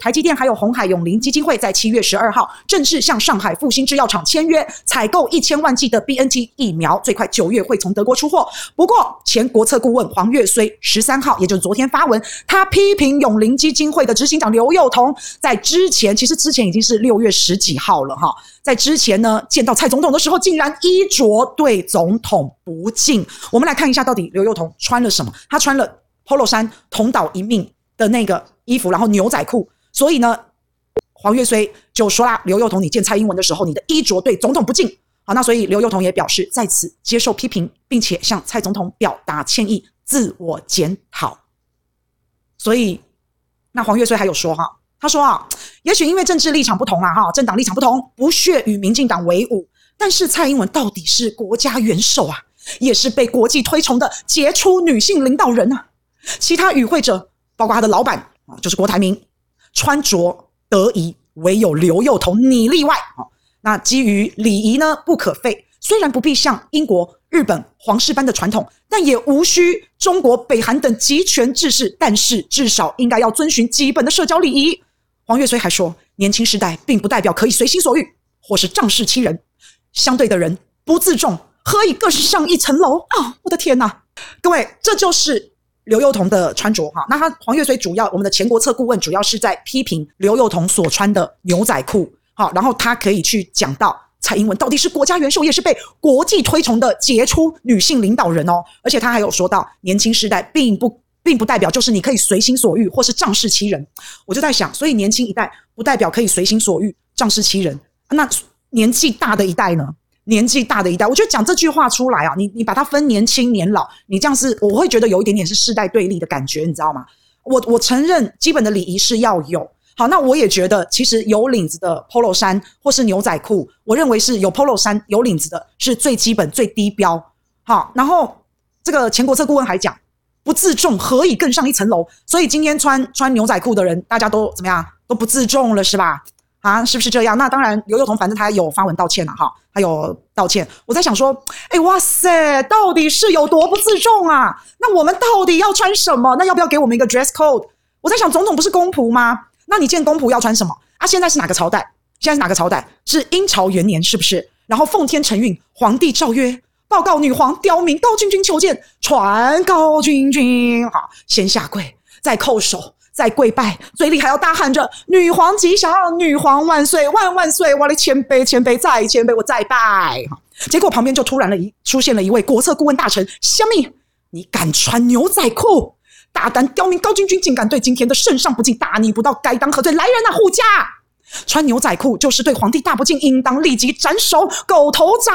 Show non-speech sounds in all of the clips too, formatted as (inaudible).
台積電還有鴻海永齡基金會，在七月十二號正式向上海復星製藥廠簽約採購一千萬劑的 B N T 疫苗，最快九月會從德國出貨。不過，前國策顧問黃越綏十三號，也就是昨天發文，他批評永齡基金會的執行長劉宥彤，在之前其實之前已經是六月十幾號了哈，在之前呢見到蔡總統的時候，竟然衣着對總統不敬。我們來看一下到底劉宥彤穿了什麼？他穿了 polo 衫，同島一命的那個衣服，然後牛仔褲。所以呢，黃越綏就說啦：“劉宥彤，你見蔡英文的時候，你的衣着對總統不敬。”好，那所以劉宥彤也表示在此接受批評，並且向蔡總統表達歉意，自我檢討。所以，那黃越綏還有說哈、啊，他說啊，也許因為政治立場不同啊，哈，政黨立場不同，不屑與民進黨為伍。但是蔡英文到底是國家元首啊，也是被國際推崇的傑出女性領導人啊。其他與會者包括他的老板啊，就是郭台銘。穿着得宜，唯有劉宥彤你例外。好，那基於禮儀呢，不可廢。雖然不必像英國、日本皇室般的傳統，但也無需中國、北韓等極權制式。但是至少應該要遵循基本的社交禮儀。黃越綏還說，年輕時代並不代表可以隨心所欲，或是仗勢欺人。相對的人不自重，何以更上一層樓？啊、哦，我的天哪！各位，這就是。劉宥彤的穿着哈，那他黃越綏主要我們的前國策顧問主要是在批評劉宥彤所穿的牛仔褲，好，然後他可以去講到蔡英文到底是國家元首，也是被國際推崇的傑出女性領導人哦，而且他還有說到年輕世代並不並不代表就是你可以隨心所欲或是仗勢欺人，我就在想，所以年輕一代不代表可以隨心所欲仗勢欺人，那年紀大的一代呢？年紀大的一代，我覺得講這句話出來啊，你你把它分年輕年老，你這樣是，我會覺得有一點點是世代對立的感覺，你知道嗎？我我承認基本的禮儀是要有，好，那我也覺得其實有領子的 Polo 衫或是牛仔褲，我認為是有 Polo 衫有領子的是最基本最低標。好，然後這個前國策顧問還講，不自重何以更上一層樓？所以今天穿穿牛仔褲的人，大家都怎麼樣？都不自重了是吧？啊，是不是這樣？那當然，劉幼彤反正他有發文道歉了、啊、哈，他有道歉。我在想說，哎、欸，哇塞，到底是有多不自重啊？那我們到底要穿什麼？那要不要給我們一個 dress code？我在想，總統不是公僕嗎？那你見公僕要穿什麼？啊，現在是哪個朝代？現在是哪個朝代？是英朝元年，是不是？然後奉天承運，皇帝詔曰：報告女皇，刁民高鈞鈞求見，傳高鈞鈞。好，先下跪，再叩首。在跪拜，嘴裡還要大喊着“女皇吉祥，女皇萬歲，萬萬歲！”我的謙卑謙卑再謙卑，我再拜。啊、結果旁邊就突然了一出現了一位國策顧問大臣：“蝦米，你敢穿牛仔褲？大膽刁民高鈞鈞，竟敢對今天的聖上不敬，大逆不道，該當何罪？來人啊，護駕！穿牛仔褲就是對皇帝大不敬，應當立即斬首，狗頭鍘。”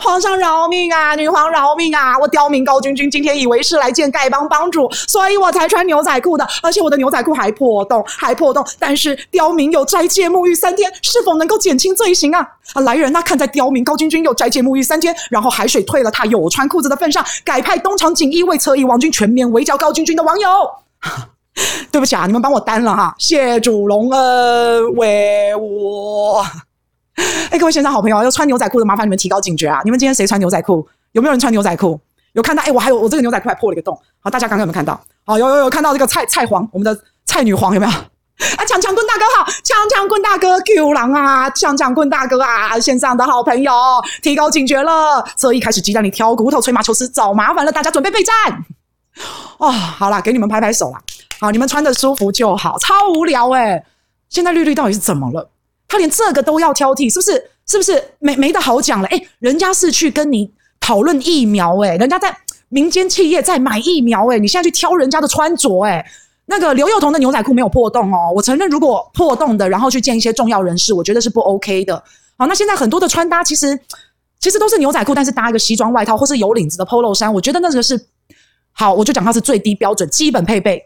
皇上饒命啊！女皇饒命啊！我刁民高鈞鈞今天以為是來見丐幫幫主，所以我才穿牛仔褲的，而且我的牛仔褲還破洞，還破洞。但是刁民有齋戒沐浴三天，是否能夠減輕罪行啊？啊！來人，那看在刁民高鈞鈞有齋戒沐浴三天，然後海水退了，他有穿褲子的份上，改派東廠錦衣衛側翼網軍全面圍剿高鈞鈞的網友。 (laughs) 對不起啊，你們幫我擔了哈，謝主隆恩，為我。哎、欸，各位線上好朋友，要穿牛仔褲的，麻煩你們提高警覺啊！你們今天誰穿牛仔褲？有沒有人穿牛仔褲？有看到？哎、欸，我還有我這個牛仔褲還破了一個洞。好，大家剛剛有沒有看到？好，有有有看到這個蔡蔡皇，我們的蔡女皇有沒有？啊，強強棍大哥好，強強棍大哥 q 狼啊！強強棍大哥啊，線上的好朋友，提高警覺了。這一開始雞蛋裡挑骨頭，吹毛求疵，找麻煩了。大家準備備戰哦，好啦，給你們拍拍手啦。好，你們穿的舒服就好。超無聊哎、欸！現在綠綠到底是怎麼了？他連這個都要挑剔，是不是？是不是沒沒得好講了？哎、欸，人家是去跟你討論疫苗、欸，哎，人家在民間企業在買疫苗、欸，哎，你現在去挑人家的穿着，哎，那個劉宥彤的牛仔褲沒有破洞哦。我承認，如果破洞的，然後去見一些重要人士，我覺得是不 OK 的。好，那現在很多的穿搭其實其實都是牛仔褲，但是搭一個西裝外套，或是有領子的 Polo 衫，我覺得那個是好。我就講它是最低標準，基本配備。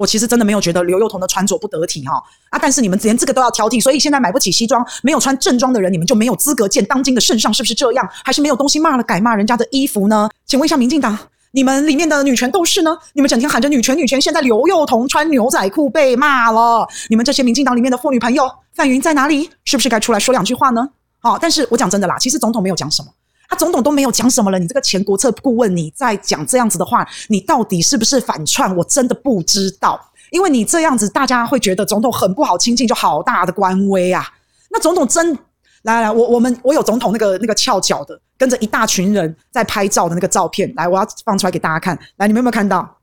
我其實真的沒有覺得劉幼彤的穿着不得體哈、哦、啊！但是你們連這個都要挑剔，所以現在買不起西裝、沒有穿正裝的人，你們就沒有資格見當今的聖上，是不是這樣？還是沒有東西罵了，改罵人家的衣服呢？請問一下民進黨，你們裡面的女權鬥士呢？你們整天喊着女權女權，現在劉幼彤穿牛仔褲被罵了，你們這些民進黨裡面的婦女朋友范雲在哪裡？是不是該出來說兩句話呢？好，但是我講真的啦，其實總統沒有講什麼。他總統都沒有講什麼了，你這個前國策顧問，你在講這樣子的話，你到底是不是反串？我真的不知道，因為你這樣子，大家會覺得總統很不好親近，就好大的官威啊！那總統真來來來，我我們我有總統那個那個翹腳的，跟着一大群人在拍照的那個照片，來，我要放出來給大家看。來，你們有沒有看到？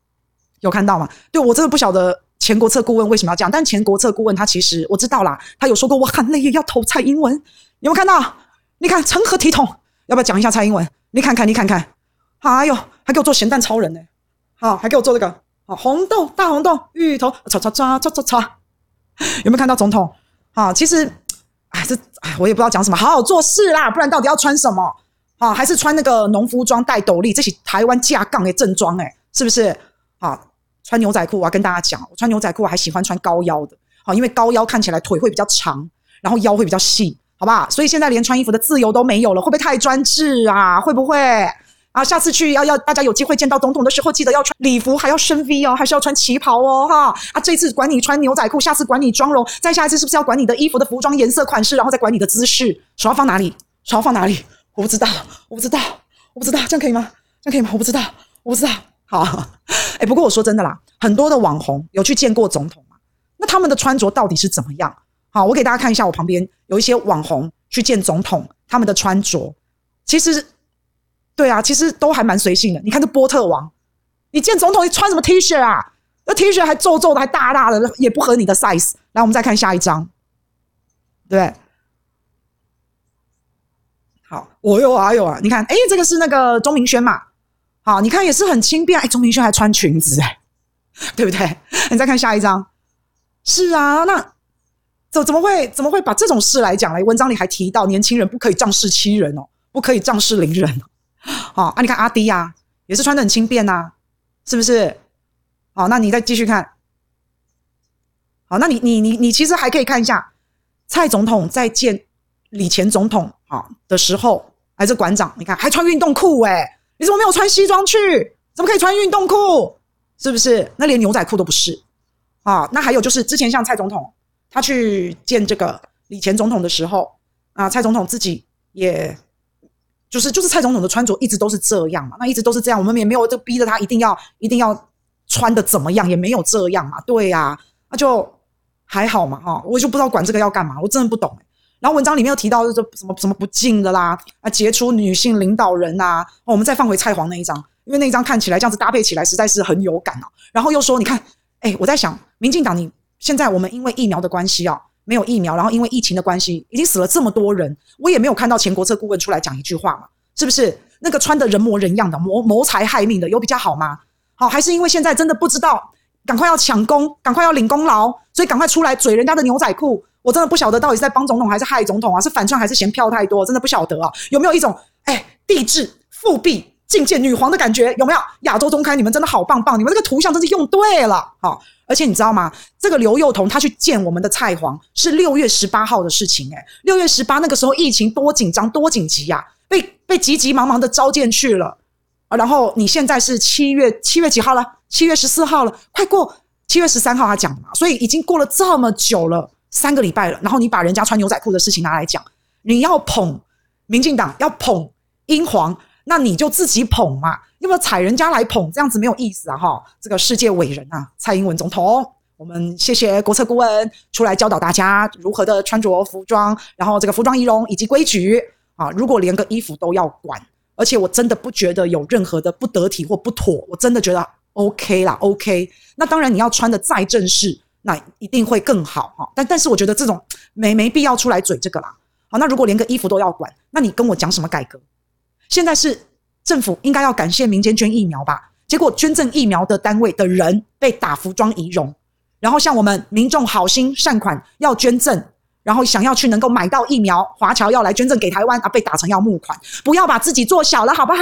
有看到嗎？對，我真的不曉得前國策顧問為什麼要講，但前國策顧問他其實我知道啦，他有說過我含淚，也要投蔡英文，有沒有看到？你看成何體統？要不要講一下蔡英文？你看看，你看看，哎呦，還給我做鹹蛋超人呢、欸！好、啊，還給我做這個好、啊、紅豆大紅豆芋頭，炒炒炒、炒炒炒。有沒有看到總統？好、啊，其實、哎、這、哎、我也不知道講什麼，好好做事啦，不然到底要穿什麼？好、啊，還是穿那個農夫裝戴斗笠，這是台灣架槓的正裝，哎，是不是？好、啊，穿牛仔褲我要跟大家講，我穿牛仔褲還喜歡穿高腰的，好、啊，因為高腰看起來腿會比較長，然後腰會比較細。好吧，所以現在連穿衣服的自由都沒有了，會不會太專制啊？會不會啊？下次去要要大家有機會見到總統的時候，記得要穿禮服，還要深 V 哦，還是要穿旗袍哦，哈啊，啊！這次管你穿牛仔褲，下次管你妝容，再下一次是不是要管你的衣服的服裝顏色款式，然後再管你的姿勢？手要放哪裡？手要放哪裡？我不知道，我不知道，我不知道，這樣可以嗎？這樣可以嗎？我不知道，我不知道。好，哎，不過我說真的啦，很多的網紅有去見過總統嗎？那他們的穿着到底是怎麼樣啊？好，我給大家看一下，我旁邊有一些網紅去見總統，他們的穿着其實，對啊，其實都還蠻隨性的。你看這波特王，你見總統你穿什麼 T 恤啊？那 T 恤還皺皺的，還大大的，也不合你的 size。來，我們再看下一張，對，對。好，我有啊有啊，你看，哎，這個是那個鍾明軒嘛？好，你看也是很輕便。哎，鍾明軒還穿裙子欸，誒，對不對？你再看下一張，是啊，那。怎怎麼會怎麼會把這種事來講嘞？文章裡還提到年輕人不可以仗勢欺人哦，不可以仗勢凌人哦。好啊，你看阿迪呀、啊，也是穿得很輕便吶、啊，是不是？好、哦，那你再繼續看。好、哦，那你你你你其實還可以看一下蔡總統在見李前總統啊、哦、的時候，還是館長，你看還穿運動褲誒、欸、你怎麼沒有穿西裝去？怎麼可以穿運動褲？是不是？那連牛仔褲都不是啊、哦？那還有就是之前像蔡總統。他去見這個李前總統的時候，啊，蔡總統自己也，就是就是蔡總統的穿着一直都是這樣嘛，那一直都是這樣，我們也沒有就逼着他一定要一定要穿得怎麼樣，也沒有這樣嘛，對呀、啊，那就還好嘛哈、哦，我就不知道管這個要幹嘛，我真的不懂、欸。然後文章裡面又提到說什麼什麼不敬的啦，啊，傑出女性領導人吶、啊，我們再放回蔡黃那一張，因為那一張看起來這樣子搭配起來實在是很有感哦。然後又說，你看，哎，我在想，民進黨你。現在我們因為疫苗的關係啊，沒有疫苗，然後因為疫情的關係，已經死了這麼多人，我也沒有看到前國策顧問出來講一句話嘛，是不是？那個穿的人模人樣的，謀謀財害命的，有比較好嗎？好，還是因為現在真的不知道，趕快要搶功，趕快要領功勞，所以趕快出來嘴人家的牛仔褲，我真的不曉得到底是在幫總統還是害總統啊？是反串還是嫌票太多？真的不曉得啊！有沒有一種哎，帝制復辟，覲見女皇的感覺？有沒有？亞洲中開，你們真的好棒棒，你們這個圖像真是用對了，好。而且你知道嗎？這個劉宥彤他去見我們的蔡皇是六月十八號的事情、欸，誒六月十八那個時候疫情多緊張、多緊急呀、啊，被被急急忙忙的召進去了、啊。然後你現在是七月七月幾號了？七月十四號了，快過七月十三號，他講的嘛。所以已經過了這麼久了，三個禮拜了。然後你把人家穿牛仔褲的事情拿來講，你要捧民進黨，要捧英皇，那你就自己捧嘛。要不要踩人家來捧，這樣子沒有意思啊！哈，這個世界偉人啊，蔡英文總統，我們謝謝國策顧問出來教導大家如何的穿着服裝，然後這個服裝儀容以及規矩啊。如果連個衣服都要管，而且我真的不覺得有任何的不得體或不妥，我真的覺得 OK 啦，OK。那當然你要穿得再正式，那一定會更好哈、啊。但但是我覺得這種沒沒必要出來嘴這個啦。好，那如果連個衣服都要管，那你跟我講什麼改革？現在是。政府應該要感謝民間捐疫苗吧？結果捐贈疫苗的單位的人被打服裝儀容，然後向我們民眾好心善款要捐贈，然後想要去能夠買到疫苗，華僑要來捐贈給台灣啊，被打成要募款，不要把自己做小了，好不好？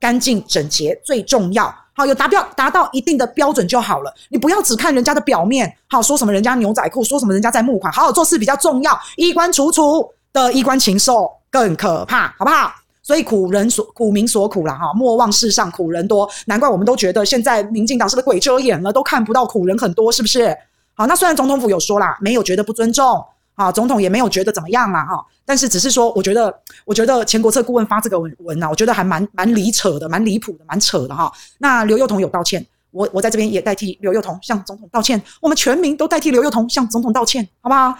乾淨整潔最重要，好，有達標達到一定的標準就好了，你不要只看人家的表面，好，說什麼人家牛仔褲，說什麼人家在募款，好好做事比較重要，衣冠楚楚的衣冠禽獸更可怕，好不好？所以苦人所苦民所苦啦，哈，莫忘世上苦人多，難怪我們都覺得現在民進黨是不是鬼遮眼了，都看不到苦人很多是不是？好，那雖然總統府有說啦，沒有覺得不尊重啊，總統也沒有覺得怎麼樣啦。哈，但是只是說，我覺得，我覺得前國策顧問發這個文文呢，我覺得還蠻蠻離扯的，蠻離譜的，蠻扯的哈。那劉幼彤有道歉，我我在這邊也代替劉幼彤向總統道歉，我們全民都代替劉幼彤向總統道歉，好不好？